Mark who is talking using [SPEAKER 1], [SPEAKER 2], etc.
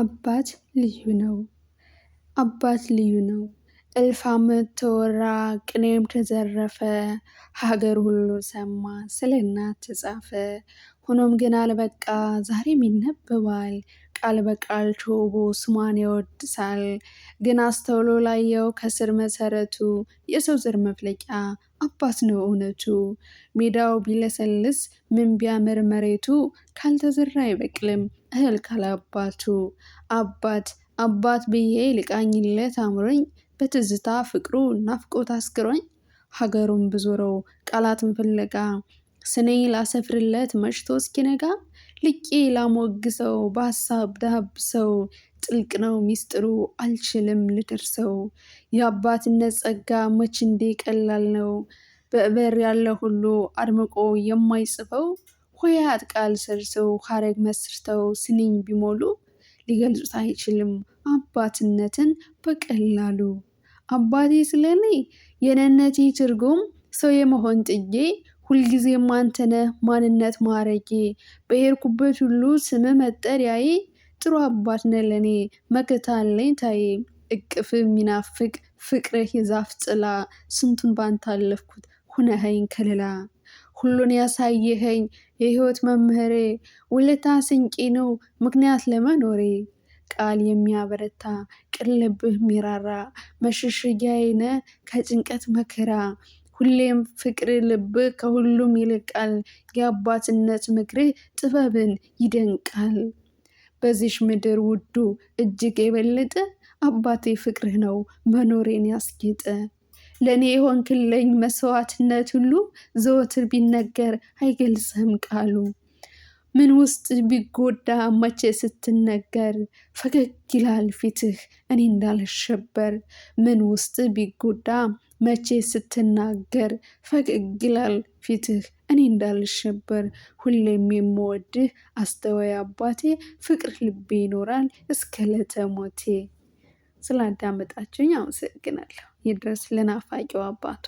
[SPEAKER 1] አባት ልዩ ነው አባት ልዩ ነው እልፍ ዓመት ተወራ ቅኔም ተዘረፈ ሀገር ሁሉ ሰማ ስለ እናት ተጻፈ። ሆኖም ግን አልበቃ ዛሬም ይነበባል ቃል በቃል ቾቦ ስሟን ያወድሳል። ግን አስተውሎ ላየው ከስር መሰረቱ የሰው ዘር መፍለቂያ አባት ነው እውነቱ። ሜዳው ቢለሰልስ ምን ቢያምር መሬቱ ካልተዘራ አይበቅልም እህል ካላባቱ። አባት አባት ብዬ ልቃኝለት አምሮኝ በትዝታ ፍቅሩ ናፍቆት አስክሮኝ ሀገሩን ብዞረው ቃላትን ፍለጋ ስኔ ላሰፍርለት መሽቶ እስኪነጋ ልቄ ላሞግሰው በሀሳብ ዳብሰው ጥልቅ ነው ሚስጥሩ አልችልም ልደርሰው የአባትነት ጸጋ መች እንዴ ቀላል ነው በበር ያለ ሁሉ አድምቆ የማይጽፈው ሆያት ቃል ሰርሰው ሀረግ መስርተው ስንኝ ቢሞሉ ሊገልጹት አይችልም አባትነትን በቀላሉ አባቴ ስለኔ የነነቴ ትርጉም ሰው የመሆን ጥጌ ሁልጊዜ ማንተነ ማንነት ማረጌ በሄርኩበት ሁሉ ስም መጠሪያዬ ጥሩ አባት ነ ለኔ መከታለኝ ታዬ እቅፍ የሚናፍቅ ፍቅርህ የዛፍ ጥላ ስንቱን ባንታለፍኩት ሁነኸኝ ከልላ ሁሉን ያሳየኸኝ የህይወት መምህሬ ውለታ ስንቄ ነው ምክንያት ለመኖሬ ቃል የሚያበረታ ቅልብህ ሚራራ፣ መሸሸጊያ ነህ ከጭንቀት መከራ ሁሌም ፍቅር ልብ ከሁሉም ይልቃል የአባትነት ምክርህ ጥበብን ይደንቃል። በዚሽ ምድር ውዱ እጅግ የበለጠ አባቴ ፍቅርህ ነው መኖሬን ያስጌጠ። ለእኔ ክለኝ መስዋዕትነት ሁሉ ዘወትር ቢነገር አይገልጽህም ቃሉ። ምን ውስጥ ቢጎዳ መቼ ስትነገር ፈገግ ይላል ፊትህ እኔ እንዳልሸበር ምን ውስጥ ቢጎዳ መቼ ስትናገር ፈገግ ይላል ፊትህ እኔ እንዳልሸበር ሁሌም የምወድህ አስተዋይ አባቴ ፍቅር ልቤ ይኖራል እስከ ለተሞቴ። ስላዳመጣችሁኝ አመሰግናለሁ። ይድረስ ለናፋቂው አባቷ።